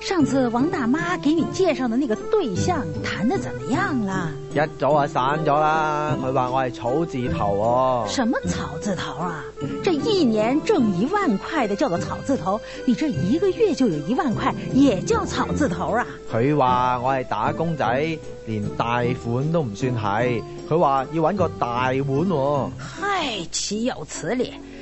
上次王大媽給你介紹的那個對象談得怎麼樣了？一早啊散咗啦，佢話我係草字頭哦。什麼草字頭啊？這一年掙一萬塊的叫做草字頭，你這一個月就有一萬塊，也叫草字頭啊？佢話我係打工仔，連大款都唔算係，佢話要搵個大腕喎。嗨，豈有此理！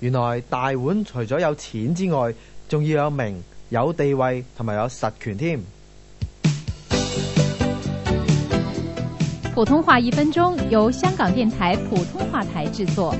原來大腕除咗有錢之外，仲要有名、有地位同埋有實權添。普通話一分鐘由香港電台普通話台製作。